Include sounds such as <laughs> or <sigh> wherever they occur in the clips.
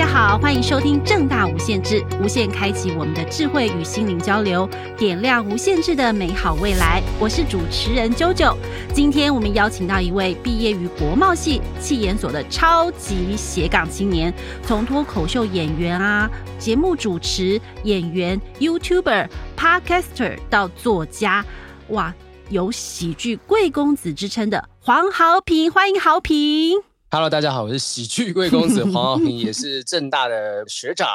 大家好，歡迎收聽政大無限制，無限開啟我們的智慧與心靈交流，點亮無限制的美好未來。我是主持人啾啾，今天我們邀請到一位畢業於國貿系、企研所的超級斜槓青年，從脫口秀演員啊、節目主持、演員、YouTuber、Podcaster 到作家，哇，有喜劇貴公子之稱的黃豪平，歡迎豪平。哈嘍，大家好，我是喜劇貴公子黃豪平， <laughs> 也是政大的學長。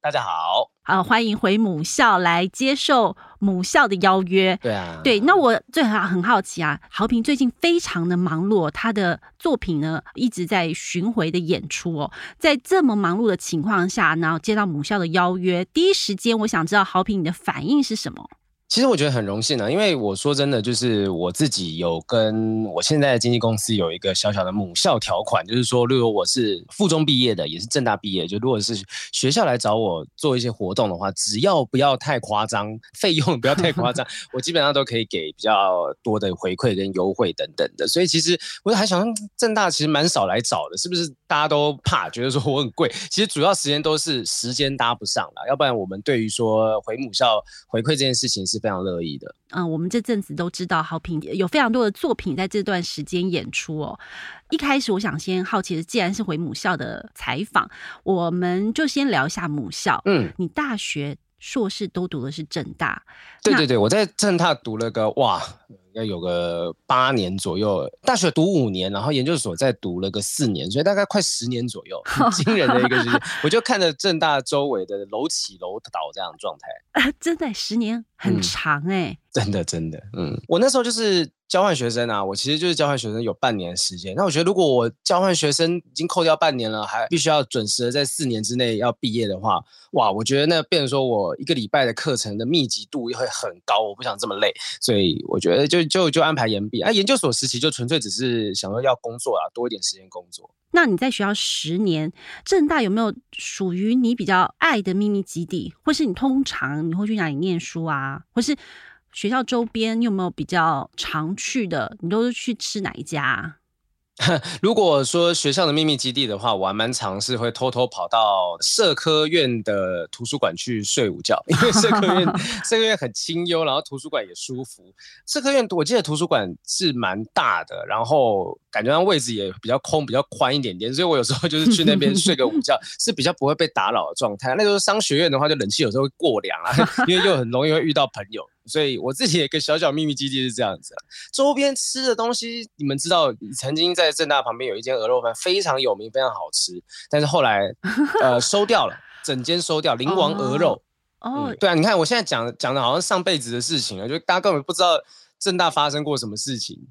大家好，好歡迎回母校來接受母校的邀約。對啊，對，那我最好很好奇啊，豪平最近非常的忙碌哦，他的作品呢一直在巡迴的演出哦，在這麼忙碌的情況下呢，然後接到母校的邀約，第一時間我想知道豪平你的反應是什麼？其實我覺得很榮幸呢、啊，因為我說真的，就是我自己有跟我現在的經紀公司有一個小小的母校條款，就是說，如果我是附中畢業的，也是政大畢業，就如果是學校來找我做一些活動的話，只要不要太誇張，費用不要太誇張， <laughs> 我基本上都可以給比較多的回饋跟優惠等等的。所以其實我還想政大其實蠻少來找的，是不是？大家都怕覺得說我很貴，其實主要時間都是時間搭不上了，要不然我們對於說回母校回饋這件事情是。非常樂意的。嗯，我們這陣子都知道好，豪平有非常多的作品在這段時間演出哦。一開始我想先好奇的，既然是回母校的採訪，我們就先聊一下母校。嗯，你大學。碩士都讀的是政大，對對對，我在政大讀了個哇，應該有個八年左右，大學讀五年，然後研究所再讀了個四年，所以大概快十年左右，很驚人的一個就是。 <laughs> 我就看着政大周圍的樓起樓倒這樣狀態，啊，真的十年很長哎，真的、欸、真的，嗯，我那時候就是。交換學生啊，我其實就是交換學生有半年時間。那我覺得，如果我交換學生已經扣掉半年了，還必須要準時的在四年之內要畢業的話，哇，我覺得那變成說我一個禮拜的課程的密集度又會很高，我不想這麼累，所以我覺得就就就安排延畢。那、啊、研究所時期就純粹只是想說要工作啊，多一點時間工作。那你在學校十年，政大有沒有屬於你比較愛的秘密基地，或是你通常你會去哪裡念書啊，或是？學校周邊，你有沒有比較常去的？你都是去吃哪一家啊？如果說學校的秘密基地的話，我還蠻常是會偷偷跑到社科院的圖書館去睡午覺，因為社科院 <laughs> 社科院很清幽，然後圖書館也舒服。社科院我記得圖書館是蠻大的，然後感覺上位置也比較空，比較寬一點點，所以我有時候就是去那邊睡個午覺， <laughs> 是比較不會被打擾的狀態。那時候商學院的話，就冷氣有時候會過涼啊，因為又很容易會遇到朋友。 <laughs> 所以我自己也有個小小秘密基地是這樣子。周邊吃的東西，你們知道，曾經在政大旁邊有一間鵝肉飯，非常有名，非常好吃。但是後來，呃，收掉了，整間收掉，靈王鵝肉。哦，對啊，你看我現在講講的好像上輩子的事情啊，就大家根本不知道政大發生過什麼事情 <laughs> 。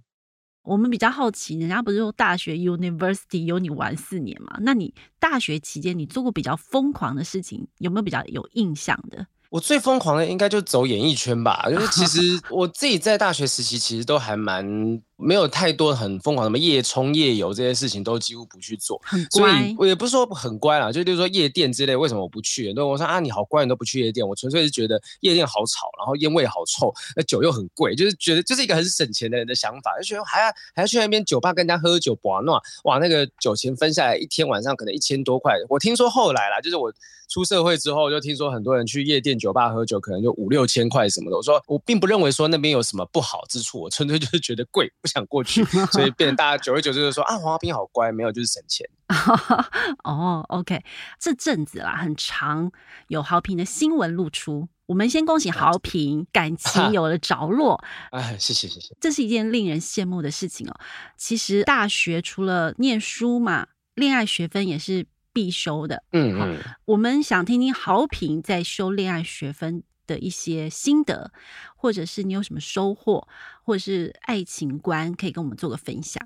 我們比較好奇，人家不是說大學 University 有你玩四年嘛？那你大學期間你做過比較瘋狂的事情，有沒有比較有印象的？我最瘋狂的應該就走演藝圈吧，就是其實我自己在大學時期其實都還蠻，沒有太多很瘋狂，什麼夜衝夜遊這些事情都幾乎不去做，所以我也不是說很乖啦，就就是說夜店之類，為什麼我不去？那我說啊，你好乖，你都不去夜店，我純粹是覺得夜店好吵，然後煙味好臭，那酒又很貴，就是覺得這是一個很省錢的人的想法，就覺得還要還要去那邊酒吧跟人家喝酒玩鬧，哇，那個酒錢分下來一天晚上可能一千多塊。我聽說後來啦，就是我出社會之後就聽說很多人去夜店酒吧喝酒，可能就五六千塊什麼的。我說我並不認為說那邊有什麼不好之處，我純粹就是覺得貴。想過去，所以變成大家久而久之就說啊，黃豪平好乖，沒有就是省錢 <laughs> 哦、oh,，OK，這陣子啦，很長有豪平的新聞露出，我們先恭喜豪平 <laughs> 感情有了着落。哎， <laughs> 謝謝謝謝，這是一件令人羨慕的事情哦、喔。其實大學除了念書嘛，戀愛學分也是必修的。嗯嗯，我們想聽聽豪平在修戀愛學分。的一些心得，或者是你有什麼收穫，或者是愛情觀，可以跟我們做個分享。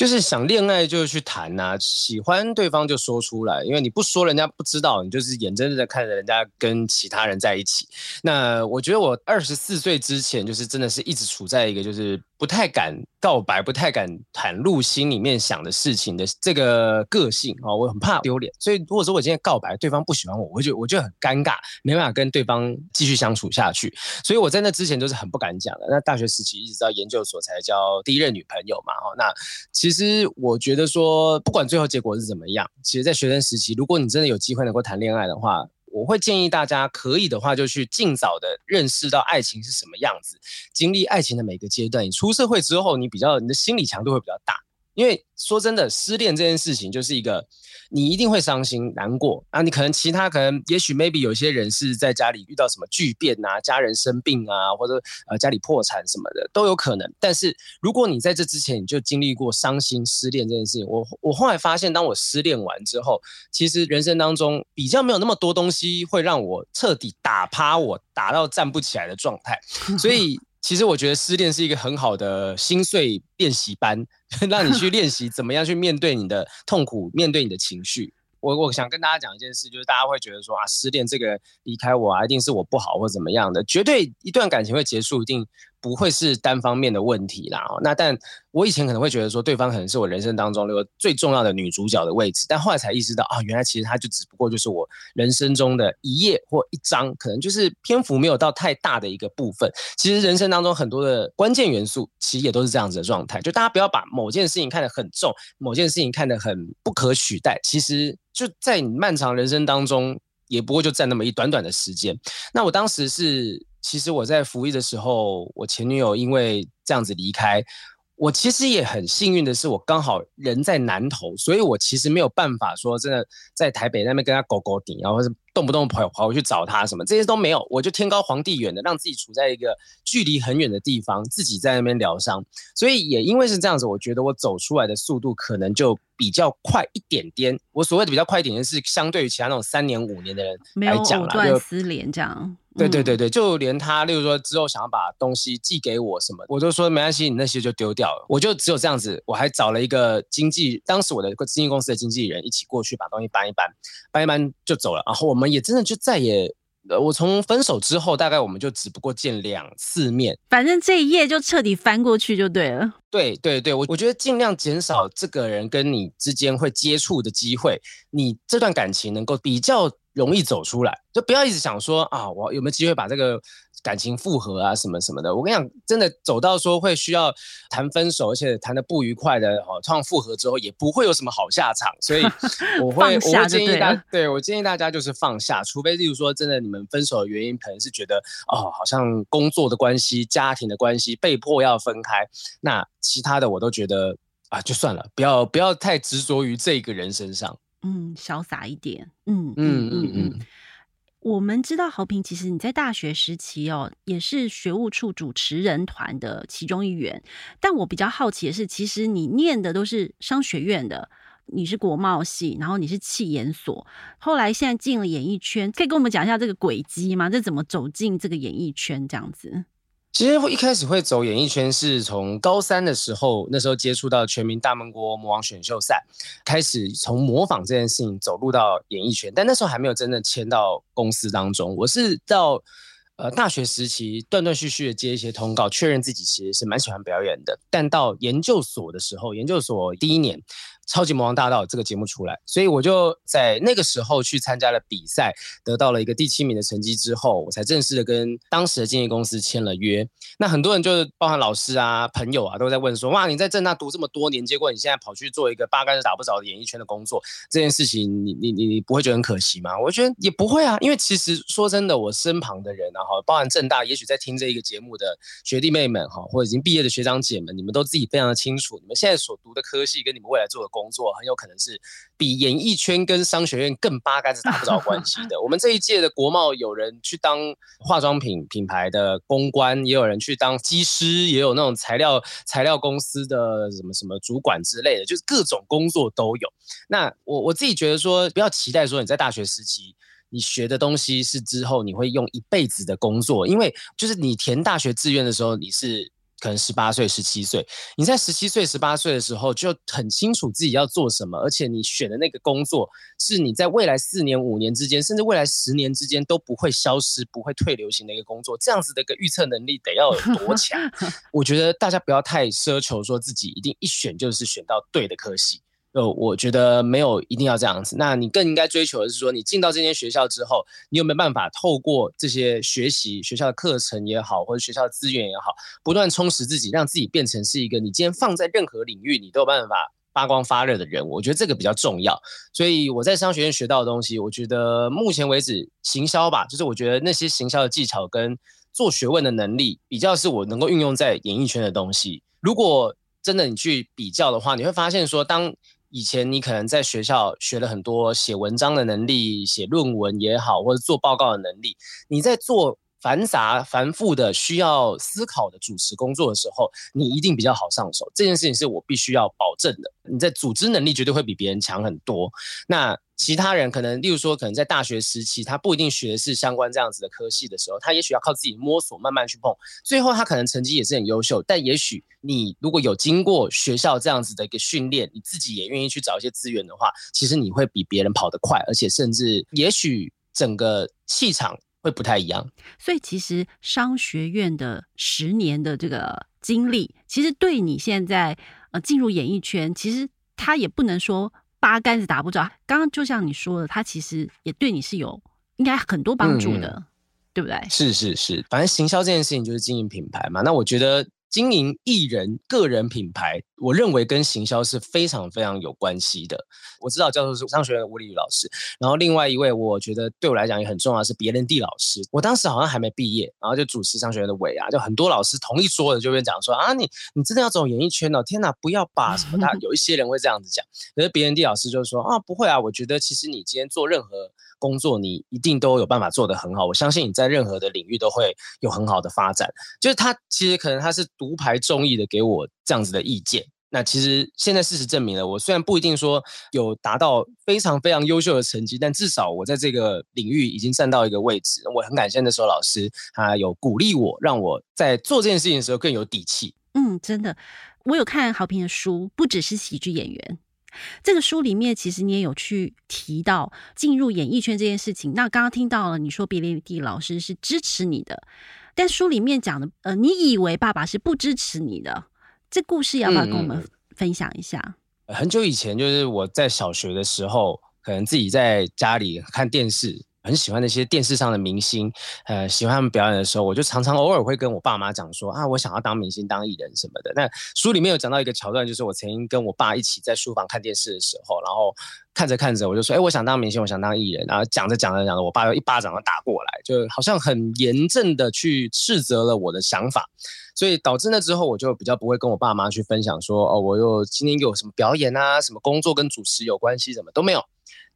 就是想戀愛就去談吶、啊，喜歡對方就說出來，因為你不說，人家不知道，你就是眼睜睜的看着人家跟其他人在一起。那我覺得我二十四歲之前，就是真的是一直處在一個就是不太敢告白，不太敢袒露心裡面想的事情的這個個性啊，我很怕丟臉，所以如果說我今天告白，對方不喜歡我，我就我就很尷尬，沒辦法跟對方繼續相處下去。所以我在那之前就是很不敢講的。那大學時期一直到研究所才交第一任女朋友嘛，哈，那其其實我覺得說，不管最後結果是怎麼樣，其實，在學生時期，如果你真的有機會能夠談戀愛的話，我會建議大家，可以的話就去盡早的認識到愛情是什麼樣子，經歷愛情的每個階段。你出社會之後，你比較你的心理強度會比較大。因為說真的，失戀這件事情就是一個，你一定會傷心難過啊！你可能其他可能，也許 maybe 有些人是在家裡遇到什麼巨變啊，家人生病啊，或者呃家裡破產什麼的都有可能。但是如果你在這之前你就經歷過傷心失戀這件事情，我我後來發現，當我失戀完之後，其實人生當中比較沒有那麼多東西會讓我徹底打趴我，打到站不起來的狀態，所以。 <laughs> 其實我覺得失戀是一個很好的心碎練習班，讓你去練習怎麼樣去面對你的痛苦， <laughs> 面對你的情緒。我我想跟大家講一件事，就是大家會覺得說啊，失戀這個人離開我啊，一定是我不好或怎麼樣的，絕對一段感情會結束一定。不會是單方面的問題啦。那但我以前可能會覺得說，對方可能是我人生當中那個最重要的女主角的位置，但後來才意識到啊、哦，原來其實她就只不過就是我人生中的一頁或一章，可能就是篇幅沒有到太大的一個部分。其實人生當中很多的關鍵元素，其實也都是這樣子的狀態。就大家不要把某件事情看得很重，某件事情看得很不可取代。其實就在你漫長人生當中，也不過就占那麼一短短的時間。那我當時是。其實我在服役的時候，我前女友因為這樣子離開我，其實也很幸運的是，我剛好人在南投，所以我其實沒有辦法說真的在台北在那邊跟她勾勾頂，然後是。動不動跑跑過去找他什麼這些都沒有，我就天高皇帝遠的，讓自己處在一個距離很遠的地方，自己在那邊療傷。所以也因為是這樣子，我覺得我走出來的速度可能就比較快一點點。我所謂的比較快一點點，是相對於其他那種三年五年的人來講啦，沒有藕斷絲連這樣、嗯。對對對對，就連他，例如說之後想要把東西寄給我什麼，我都說沒關係，你那些就丟掉了。我就只有這樣子，我還找了一個經紀，當時我的一個經紀公司的經紀人一起過去把東西搬一搬，搬一搬就走了。然後我們。我們也真的就再也，我從分手之後，大概我們就只不過見兩次面，反正這一頁就徹底翻過去就對了。對對對，我我覺得盡量減少這個人跟你之間會接觸的機會，你這段感情能夠比較容易走出來，就不要一直想說啊，我有沒有機會把這個。感情復合啊，什麼什麼的，我跟你講，真的走到說會需要談分手，而且談得不愉快的哦，這樣復合之後也不會有什麼好下場，所以我會， <laughs> 我會建議大家，對，我建議大家就是放下，除非例如說真的你們分手的原因可能是覺得哦，好像工作的關係、家庭的關係被迫要分開，那其他的我都覺得啊，就算了，不要不要太執着於這個人身上，嗯，瀟灑一點，嗯嗯嗯嗯。嗯嗯嗯我們知道豪平，其實你在大學時期哦，也是學務處主持人團的其中一員。但我比較好奇的是，其實你念的都是商學院的，你是國貿系，然後你是企研所，後來現在進了演藝圈，可以跟我們講一下這個軌跡嗎？這怎麼走進這個演藝圈這樣子？其實我一開始會走演藝圈，是從高三的時候，那時候接觸到全民大悶鍋魔王選秀賽，開始從模仿這件事情走入到演藝圈。但那時候還沒有真的簽到公司當中。我是到呃大學時期斷斷續續的接一些通告，確認自己其實是蠻喜歡表演的。但到研究所的時候，研究所第一年。超級魔王大道這個節目出來，所以我就在那個時候去參加了比賽，得到了一個第七名的成績之後，我才正式的跟當時的經紀公司簽了約。那很多人就是包含老師啊、朋友啊，都在問說：哇，你在政大讀這麼多年，結果你現在跑去做一個八竿子打不着的演藝圈的工作，這件事情你，你你你不會覺得很可惜嗎？我覺得也不會啊，因為其實說真的，我身旁的人啊，包含政大，也許在聽這一個節目的學弟妹們哈，或者已經畢業的學長姐們，你們都自己非常的清楚，你們現在所讀的科系跟你們未來做的工作。工作很有可能是比演藝圈跟商學院更八竿子打不着關係的。我們這一屆的國貿有人去當化妝品品牌的公關，也有人去當機師，也有那種材料材料公司的什麼什麼主管之類的，就是各種工作都有。那我我自己覺得說，不要期待說你在大學時期你學的東西是之後你會用一輩子的工作，因為就是你填大學志願的時候你是。可能十八歲、十七歲，你在十七歲、十八歲的時候就很清楚自己要做什麼，而且你選的那個工作是你在未來四年、五年之間，甚至未來十年之間都不會消失、不會退流行的一個工作。這樣子的一個預測能力得要有多強？ <laughs> 我覺得大家不要太奢求，說自己一定一選就是選到對的科系。呃，我覺得沒有一定要這樣子。那你更應該追求的是說，你進到這間學校之後，你有沒有辦法透過這些學習學校的課程也好，或者學校的資源也好，不斷充實自己，讓自己變成是一個你今天放在任何領域你都有辦法發光發熱的人。我覺得這個比較重要。所以我在商學院學到的東西，我覺得目前為止行銷吧，就是我覺得那些行銷的技巧跟做學問的能力，比較是我能夠運用在演藝圈的東西。如果真的你去比較的話，你會發現說，當以前你可能在學校學了很多寫文章的能力、寫論文也好，或者做報告的能力。你在做繁雜、繁複的需要思考的主持工作的時候，你一定比較好上手。這件事情是我必須要保證的，你在組織能力絕對會比別人強很多。那。其他人可能，例如說，可能在大學時期，他不一定學的是相關這樣子的科系的時候，他也許要靠自己摸索，慢慢去碰。最後，他可能成績也是很優秀，但也許你如果有經過學校這樣子的一個訓練，你自己也願意去找一些資源的話，其實你會比別人跑得快，而且甚至也許整個氣場會不太一樣。所以，其實商學院的十年的這個經歷，其實對你現在，呃，進入演藝圈，其實他也不能說。八竿子打不着。剛剛就像你說的，他其實也對你是有應該很多幫助的、嗯，對不對？是是是，反正行銷這件事情就是經營品牌嘛。那我覺得。經營藝人個人品牌，我認為跟行銷是非常非常有關係的。我知道教授是商學院的吳立宇老師，然後另外一位我覺得對我來講也很重要的是別人地老師。我當時好像還沒畢業，然後就主持商學院的尾牙啊，就很多老師同一桌的就會講說啊，你你真的要走演藝圈哦？天哪，啊，不要把什麼，他有一些人會這樣子講，可是別人地老師就說啊，不會啊，我覺得其實你今天做任何，工作你一定都有辦法做得很好，我相信你在任何的領域都會有很好的發展。就是他其實可能他是獨排眾議的給我這樣子的意見，那其實現在事實證明了，我雖然不一定說有達到非常非常優秀的成績，但至少我在這個領域已經站到一個位置。我很感謝那時候老師他有鼓勵我，讓我在做這件事情的時候更有底氣。嗯，真的，我有看豪平的書，不只是喜劇演員。這個書裡面其實你也有去提到進入演藝圈這件事情。那剛剛聽到了你說，比利蒂老師是支持你的，但書裡面講的，呃，你以為爸爸是不支持你的，這故事要不要跟我們分享一下？嗯，很久以前，就是我在小學的時候，可能自己在家裡看電視。很喜歡那些電視上的明星，呃，喜歡他們表演的時候，我就常常偶爾會跟我爸媽講說啊，我想要當明星，當藝人什麼的。那書裡面有講到一個橋段，就是我曾經跟我爸一起在書房看電視的時候，然後看着看着，我就說，誒、欸，我想當明星，我想當藝人。然後講着講着講着，我爸就一巴掌都打過來，就好像很嚴正的去斥責了我的想法，所以導致那之後我就比較不會跟我爸媽去分享說，哦，我又今天有什麼表演啊，什麼工作跟主持有關係，什麼都沒有。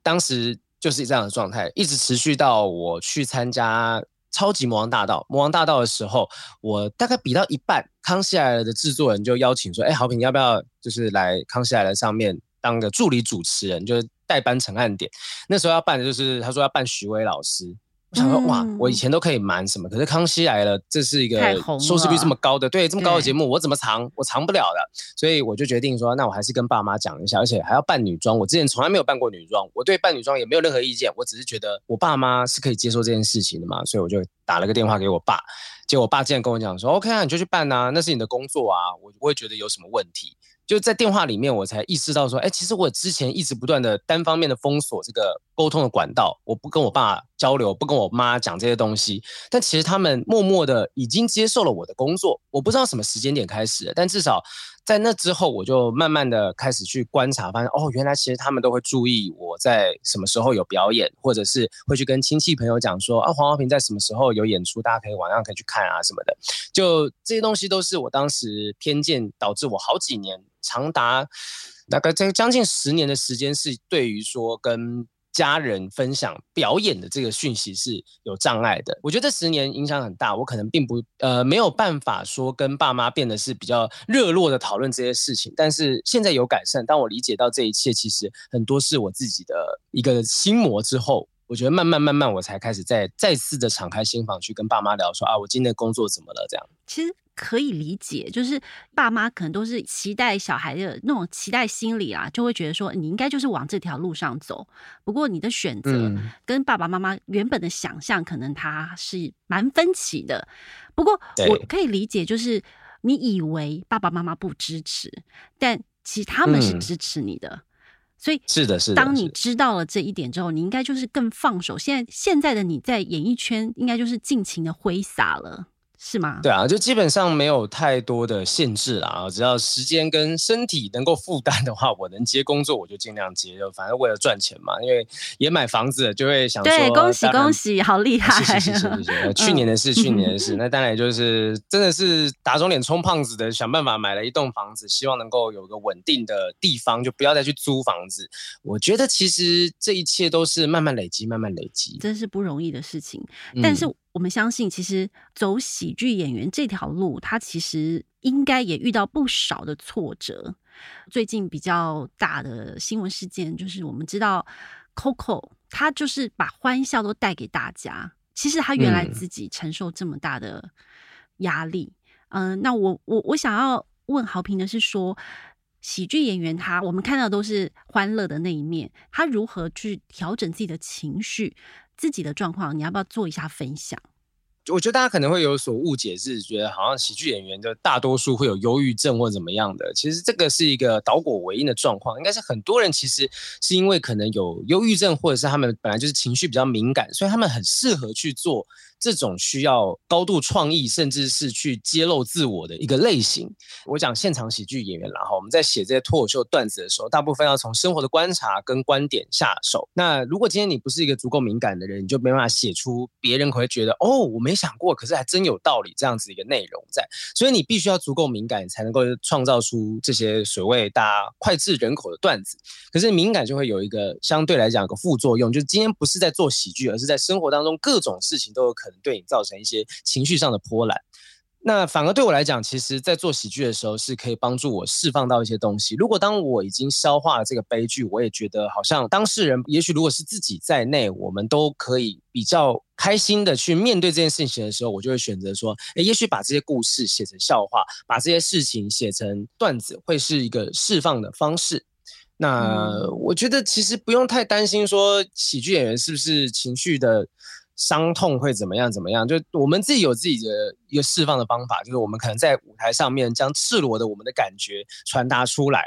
當時。就是這樣的狀態，一直持續到我去參加《超級魔王大道》《魔王大道》的時候，我大概比到一半，康熙來了的制作人就邀請說：“哎、欸，豪平你要不要就是來康熙來了上面當個助理主持人，就是代班陳漢典？那時候要辦的就是他說要辦徐薇老師。”我想說哇，我以前都可以瞞什麼，可是康熙來了，這是一個收視率這麼高的，對這麼高的節目，我怎麼藏？我藏不了的，所以我就決定說，那我還是跟爸媽講一下，而且還要扮女裝。我之前從來沒有扮過女裝，我對扮女裝也沒有任何意見，我只是覺得我爸媽是可以接受這件事情的嘛，所以我就打了個電話給我爸，結果我爸竟然跟我講說，嗯，OK 啊，你就去扮吶、啊，那是你的工作啊，我我不會覺得有什麼問題。就在電話裡面，我才意識到說，哎、欸，其實我之前一直不斷的單方面的封鎖這個溝通的管道，我不跟我爸交流，不跟我媽講這些東西。但其實他們默默的已經接受了我的工作，我不知道什麼時間點開始，但至少在那之後，我就慢慢的開始去觀察，發現哦，原來其實他們都會注意我在什麼時候有表演，或者是會去跟親戚朋友講說，啊，黃豪平在什麼時候有演出，大家可以晚上可以去看啊什麼的。就這些東西都是我當時偏見導致我好幾年。長達大概將近十年的時間，是對於說跟家人分享表演的這個訊息是有障礙的。我覺得這十年影響很大，我可能並不呃沒有辦法說跟爸媽變得是比較熱絡的討論這些事情。但是現在有改善，當我理解到這一切其實很多是我自己的一個心魔之後，我覺得慢慢慢慢我才開始再再次的敞開心房去跟爸媽聊說啊，我今天工作怎麼了這樣。其實。可以理解，就是爸媽可能都是期待小孩的那種期待心理啦，就會覺得說你應該就是往這條路上走。不過你的選擇跟爸爸媽媽原本的想象，可能他是蠻分歧的。不過我可以理解，就是你以為爸爸媽媽不支持，但其實他們是支持你的。所以是的是，當你知道了這一點之後，你應該就是更放手。現在現在的你在演藝圈，應該就是盡情的揮灑了。是嗎？對啊，就基本上沒有太多的限制啦，只要時間跟身體能夠負擔的話，我能接工作我就盡量接。就反正為了賺錢嘛，因為也買房子，就會想說。對，恭喜恭喜，好厲害！謝、啊、謝、嗯。去年的事，去年的事，那當然就是真的是打腫臉充胖子的，想辦法買了一棟房子，希望能夠有個穩定的地方，就不要再去租房子。我覺得其實這一切都是慢慢累積，慢慢累積，真是不容易的事情。但是、嗯。我們相信，其實走喜劇演員這條路，他其實應該也遇到不少的挫折。最近比較大的新聞事件就是，我們知道 Coco，他就是把歡笑都帶給大家。其實他原來自己承受這麼大的壓力。嗯，呃，那我我我想要問豪平的是說，說喜劇演員他，我們看到都是歡樂的那一面，他如何去調整自己的情緒？自己的狀況，你要不要做一下分享？我覺得大家可能會有所誤解，是覺得好像喜劇演員就大多數會有憂鬱症或怎麼樣的。其實這個是一個倒果為因的狀況，應該是很多人其實是因為可能有憂鬱症，或者是他們本來就是情緒比較敏感，所以他們很適合去做。這種需要高度創意，甚至是去揭露自我的一個類型。我講現場喜劇演員，然後我們在寫這些脫口秀段子的時候，大部分要從生活的觀察跟觀點下手。那如果今天你不是一個足夠敏感的人，你就沒辦法寫出別人可能會覺得“哦，我沒想過，可是還真有道理”這樣子一個內容在。所以你必須要足夠敏感，才能夠創造出這些所謂大家膾炙人口的段子。可是敏感就會有一個相對來講有個副作用，就是今天不是在做喜劇，而是在生活當中各種事情都有可能對你造成一些情緒上的波瀾，那反而對我來講，其實在做喜劇的時候，是可以幫助我釋放到一些東西。如果當我已經消化了這個悲劇，我也覺得好像當事人，也許如果是自己在內，我們都可以比較開心的去面對這件事情的時候，我就會選擇說，誒，也許把這些故事寫成笑話，把這些事情寫成段子，會是一個釋放的方式。那，嗯，我覺得其實不用太擔心說喜劇演員是不是情緒的。傷痛會怎麼樣？怎麼樣？就我們自己有自己的一個釋放的方法，就是我們可能在舞台上面將赤裸的我們的感覺傳達出來。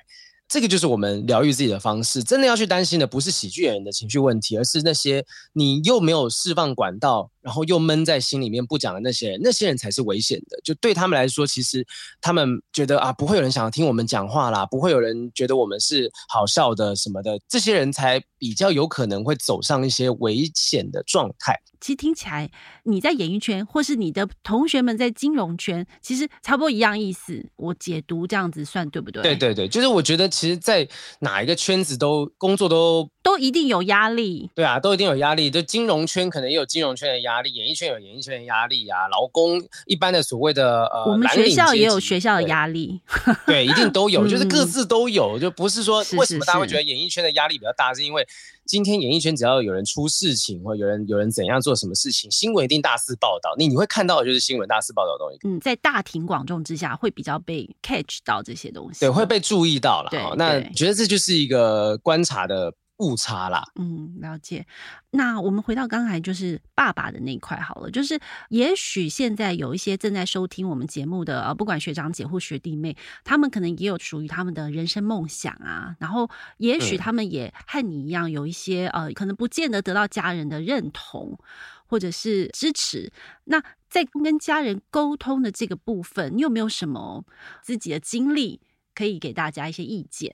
這個就是我們療癒自己的方式。真的要去擔心的不是喜劇演員的情緒問題，而是那些你又沒有釋放管道，然後又悶在心裡面不講的那些人。那些人才是危險的。就對他們來說，其實他們覺得啊，不會有人想要聽我們講話啦，不會有人覺得我們是好笑的什麼的。這些人才比較有可能會走上一些危險的狀態。其實聽起來，你在演藝圈，或是你的同學們在金融圈，其實差不多一樣意思。我解讀這樣子算對不對？對對對，就是我覺得。其實，在哪一個圈子都工作都都一定有壓力，對啊，都一定有壓力。就金融圈可能也有金融圈的壓力，演藝圈有演藝圈的壓力啊，勞工一般的所謂的呃，我們學校也有學校的壓力，對， <laughs> 對，一定都有、嗯，就是各自都有，就不是說為什麼大家會覺得演藝圈的壓力比較大，是，是，是，是因為。今天演藝圈只要有人出事情，或有人有人怎樣做什麼事情，新聞一定大肆報道。你你會看到的就是新聞大肆報道的東西。嗯，在大庭廣眾之下會比較被 catch 到這些東西，對，會被注意到了。那覺得這就是一個觀察的。誤差啦，嗯，了解。那我們回到剛才就是爸爸的那一塊好了，就是也許現在有一些正在收聽我們節目的、呃，不管學長姐或學弟妹，他們可能也有屬於他們的人生夢想啊。然後，也許他們也和你一樣，有一些、嗯、呃，可能不見得得到家人的認同或者是支持。那在跟家人溝通的這個部分，你有沒有什麼自己的經歷可以給大家一些意見？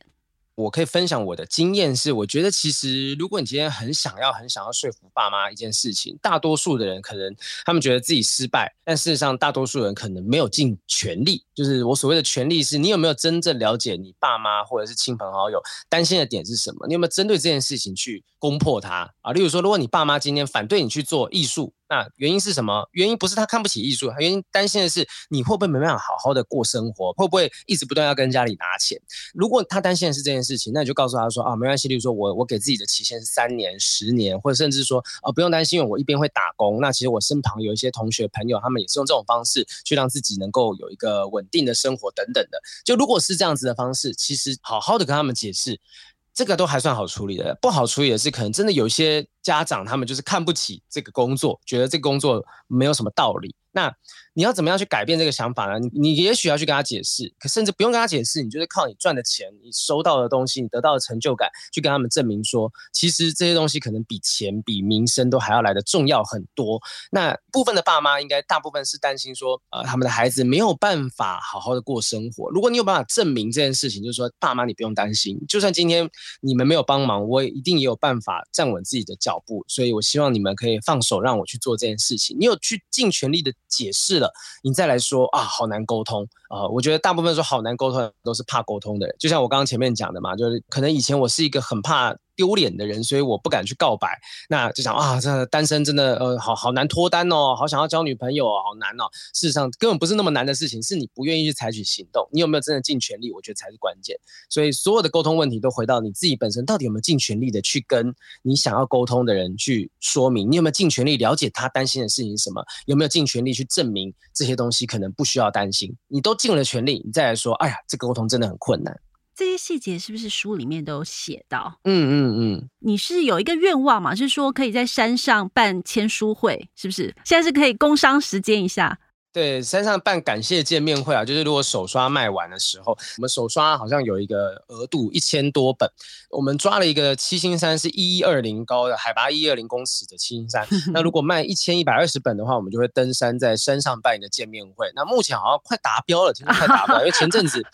我可以分享我的經驗是，我覺得其實如果你今天很想要、很想要說服爸媽一件事情，大多數的人可能他們覺得自己失敗，但事實上大多數人可能沒有盡全力。就是我所謂的全力，是你有沒有真正了解你爸媽或者是親朋好友擔心的點是什麼？你有沒有針對這件事情去攻破它啊？例如說，如果你爸媽今天反對你去做藝術。那原因是什麼？原因不是他看不起藝術，原因擔心的是你會不會沒辦法好好的過生活，會不會一直不斷要跟家裡拿錢？如果他擔心的是這件事情，那你就告訴他說啊，沒關係，例如說我我給自己的期限是三年、十年，或者甚至說啊不用擔心，因為我一邊會打工，那其實我身旁有一些同學朋友，他們也是用這種方式去讓自己能夠有一個穩定的生活等等的。就如果是這樣子的方式，其實好好的跟他們解釋。這個都還算好處理的，不好處理的是，可能真的有些家長，他們就是看不起這個工作，覺得這個工作沒有什麼道理。那你要怎麼樣去改變這個想法呢？你，你也許要去跟他解釋，可甚至不用跟他解釋，你就是靠你賺的錢、你收到的東西、你得到的成就感，去跟他們證明說，其實這些東西可能比錢、比名聲都還要來得重要很多。那部分的爸媽應該大部分是擔心說，呃，他們的孩子沒有辦法好好的過生活。如果你有辦法證明這件事情，就是說，爸媽你不用擔心，就算今天你們沒有幫忙，我也一定也有辦法站穩自己的腳步。所以我希望你們可以放手讓我去做這件事情。你有去盡全力的。解釋了，你再來說啊，好難溝通啊，呃，我覺得大部分說好難溝通的都是怕溝通的人，就像我剛剛前面講的嘛，就是可能以前我是一個很怕。丟臉的人，所以我不敢去告白，那就想啊，這單身真的呃，好好難脫單哦，好想要交女朋友哦，好難哦。事實上，根本不是那麼難的事情，是你不願意去採取行動。你有沒有真的盡全力？我覺得才是關鍵。所以，所有的溝通問題都回到你自己本身，到底有沒有盡全力的去跟你想要溝通的人去說明，你有沒有盡全力了解他擔心的事情是什麼？有沒有盡全力去證明這些東西可能不需要擔心？你都盡了全力，你再來說，哎呀，這個溝通真的很困難。這些細節是不是書裡面都有寫到？嗯嗯嗯，你是有一個願望嘛，是說可以在山上辦簽書會，是不是？現在是可以工商時間一下。對，山上辦感謝見面會啊，就是如果手刷賣完的時候，我們手刷好像有一個額度一千多本，我們抓了一個七星山是一二零高的海拔一二零公尺的七星山， <laughs> 那如果賣一千一百二十本的話，我們就會登山在山上辦一個見面會。那目前好像快達標了，真的快達標了， <laughs> 因為前陣子。 <laughs>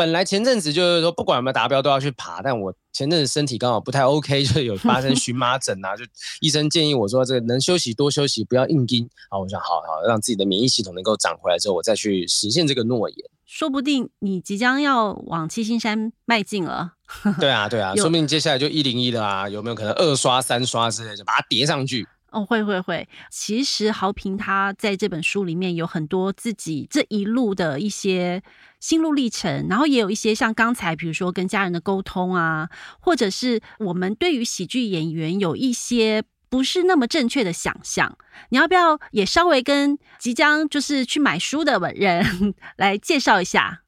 本來前陣子就是說，不管有沒有達標，都要去爬。但我前陣子身體剛好不太 OK，就有發生蕁麻疹啊， <laughs> 就醫生建議我說，這個能休息多休息，不要硬拼。然後我想好，好好讓自己的免疫系統能夠長回來之後，我再去實現這個諾言。說不定你即將要往七星山邁進了。 <laughs> 對啊，對啊，說不定接下來就一零一了啊，有沒有可能二刷、三刷之類，就把它疊上去？哦，會會會。其實豪平他在這本書裡面有很多自己這一路的一些心路歷程，然後也有一些像剛才，比如說跟家人的溝通啊，或者是我們對於喜劇演員有一些不是那麼正確的想象，你要不要也稍微跟即將就是去買書的人來介紹一下？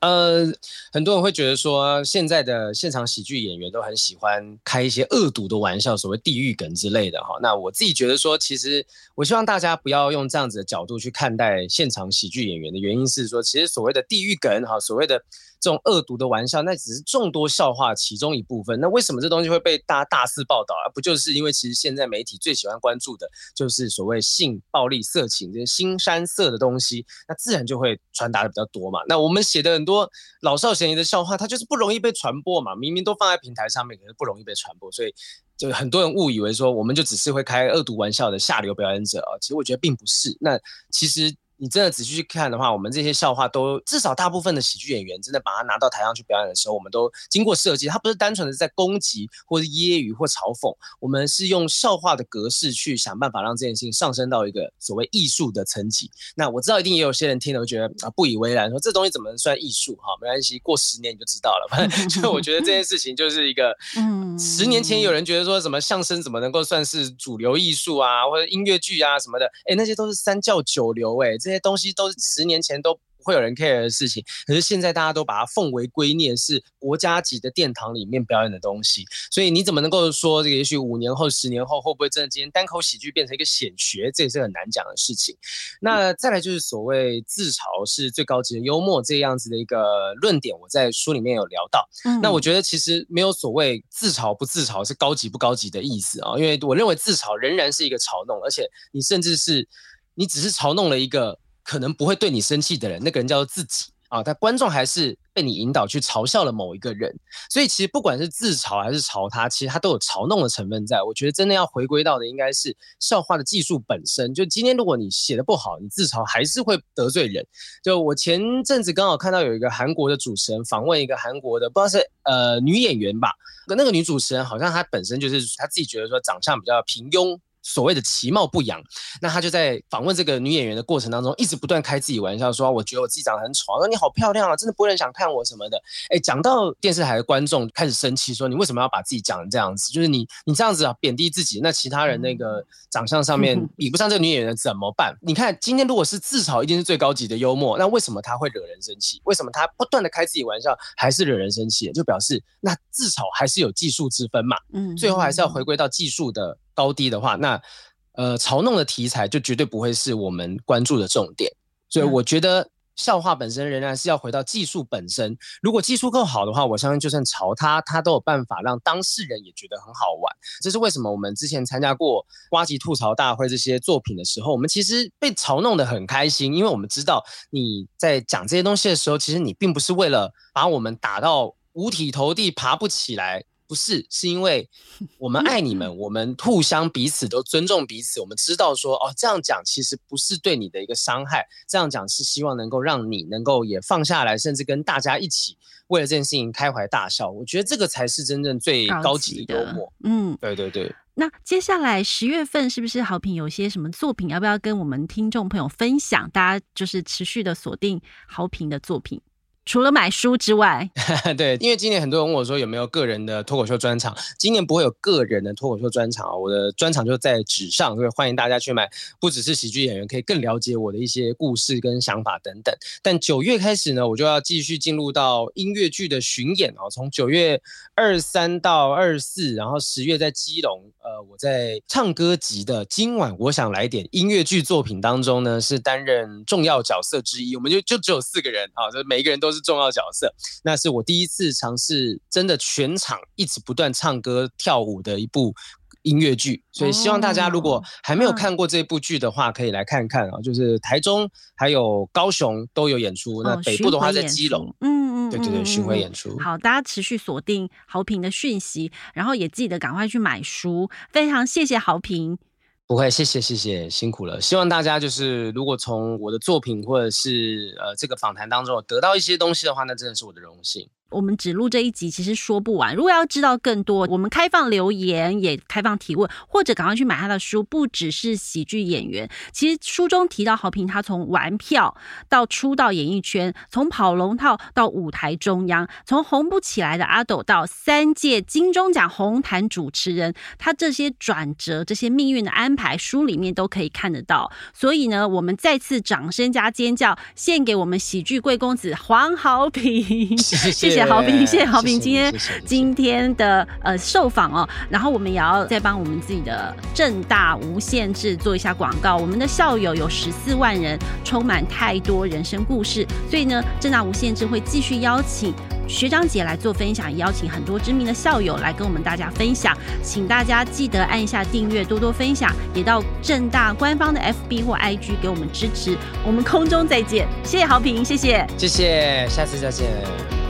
呃，很多人會覺得說，現在的現場喜劇演員都很喜歡開一些惡毒的玩笑，所謂地獄梗之類的哈。那我自己覺得說，其實我希望大家不要用這樣子的角度去看待現場喜劇演員的原因是說，其實所謂的地獄梗哈，所謂的。這種惡毒的玩笑，那只是眾多笑話其中一部分。那為什麼這東西會被大家大，大肆報道啊？而不就是因為其實現在媒體最喜歡關注的就是所謂性暴力、色情這些腥羶色的東西，那自然就會傳達得比較多嘛。那我們寫的很多老少咸宜的笑話，它就是不容易被傳播嘛。明明都放在平台上面，可是不容易被傳播，所以就很多人誤以為說我們就只是會開惡毒玩笑的下流表演者啊、哦。其實我覺得並不是。那其實。你真的仔細去看的話，我們這些笑話都至少大部分的喜劇演員真的把它拿到台上去表演的時候，我們都經過設計。它不是單純的在攻擊，或是揶揄或，或嘲諷。我們是用笑話的格式去想辦法讓這件事情上升到一個所謂藝術的層級。那我知道一定也有些人聽了覺得啊不以為然，說這東西怎麼能算藝術？哈，沒關係，過十年你就知道了。反正就我覺得這件事情就是一個， <laughs> 十年前有人覺得說什麼相聲怎麼能夠算是主流藝術啊，或者音樂劇啊什麼的，哎，那些都是三教九流、欸，哎。這些東西都是十年前都不會有人 care 的事情，可是現在大家都把它奉為圭臬，是國家級的殿堂裡面表演的東西。所以你怎麼能夠說這個？也許五年後、十年後會不會真的今天單口喜劇變成一個顯學？這也是很難講的事情。那再來就是所謂自嘲是最高級的幽默這樣子的一個論點，我在書裡面有聊到。嗯。那我覺得其實沒有所謂自嘲不自嘲是高級不高級的意思啊，哦，因為我認為自嘲仍然是一個嘲弄，而且你甚至是。你只是嘲弄了一個可能不會對你生氣的人，那個人叫做自己啊。但觀眾還是被你引導去嘲笑了某一個人，所以其實不管是自嘲還是嘲他，其實他都有嘲弄的成分在。我覺得真的要回歸到的應該是笑話的技術本身。就今天如果你寫的不好，你自嘲還是會得罪人。就我前陣子剛好看到有一個韓國的主持人訪問一個韓國的，不知道是呃女演員吧？那個女主持人好像她本身就是她自己覺得說長相比較平庸。所謂的其貌不揚，那他就在訪問這個女演員的過程當中，一直不斷開自己玩笑，說我覺得我自己長得很醜，說你好漂亮啊，真的不會人想看我什麼的。哎、欸，講到電視台的觀眾開始生氣，說你為什麼要把自己講成這樣子？就是你你這樣子啊，貶低自己，那其他人那個長相上面比不上這個女演員的怎麼辦？嗯、你看今天如果是自嘲，一定是最高級的幽默。那為什麼他會惹人生氣？為什麼他不斷的開自己玩笑還是惹人生氣？就表示那自嘲還是有技術之分嘛。嗯，最後還是要回歸到技術的。高低的話，那呃，嘲弄的題材就絕對不會是我們關注的重點。所以我覺得笑話本身仍然是要回到技術本身。如果技術夠好的話，我相信就算嘲他，他都有辦法讓當事人也覺得很好玩。這是為什麼我們之前參加過呱吉吐槽大會這些作品的時候，我們其實被嘲弄得很開心，因為我們知道你在講這些東西的時候，其實你並不是為了把我們打到五體投地、爬不起來。不是，是因為我們愛你們、嗯，我們互相彼此都尊重彼此。我們知道說，哦，這樣講其實不是對你的一個傷害，這樣講是希望能夠讓你能夠也放下來，甚至跟大家一起為了這件事情開懷大笑。我覺得這個才是真正最高級的幽默。高級的。嗯，對對對。那接下來十月份是不是豪平？有些什麼作品？要不要跟我們聽眾朋友分享？大家就是持續的鎖定豪平的作品。除了買書之外， <laughs> 對，因為今年很多人問我說有沒有個人的脫口秀專場，今年不會有個人的脫口秀專場啊。我的專場就在紙上，所以歡迎大家去買。不只是喜劇演員，可以更了解我的一些故事跟想法等等。但九月開始呢，我就要繼續進入到音樂劇的巡演哦，從九月二三到二四，然後十月在基隆，呃，我在唱歌集的今晚，我想來點音樂劇作品當中呢，是擔任重要角色之一。我們就就只有四個人啊，就每一個人都。是重要角色，那是我第一次嘗試真的全場一直不斷唱歌跳舞的一部音樂劇，所以希望大家如果還沒有看過這部劇的話，哦，可以來看看啊，喔，就是台中還有高雄都有演出，哦，那北部的話在基隆，嗯嗯，對對對，巡迴演出，好，大家持續鎖定豪平的訊息，然後也記得趕快去買書，非常謝謝豪平。不會，謝謝，謝謝，辛苦了。希望大家就是，如果從我的作品或者是呃這個訪談當中得到一些東西的話，那真的是我的榮幸。我們只錄這一集，其實說不完。如果要知道更多，我們開放留言，也開放提問，或者趕快去買他的書。不只是喜劇演員，其實書中提到，豪平他從玩票到出道演藝圈，從跑龍套到舞台中央，從紅不起來的阿斗到三屆金鐘獎紅毯主持人，他這些轉折、這些命運的安排，書裡面都可以看得到。所以呢，我們再次掌聲加尖叫，獻給我們喜劇貴公子黃豪平，謝謝。豪平，謝謝豪平。今天謝謝謝謝今天的呃，受訪哦，然後我們也要再幫我們自己的政大無限制做一下廣告。我們的校友有十四萬人，充滿太多人生故事，所以呢，政大無限制會繼續邀請學長姐來做分享，邀請很多知名的校友來跟我們大家分享。請大家記得按一下訂閱，多多分享，也到政大官方的 FB 或 IG 給我們支持。我們空中再見，謝謝豪平，謝謝，謝謝，下次再見。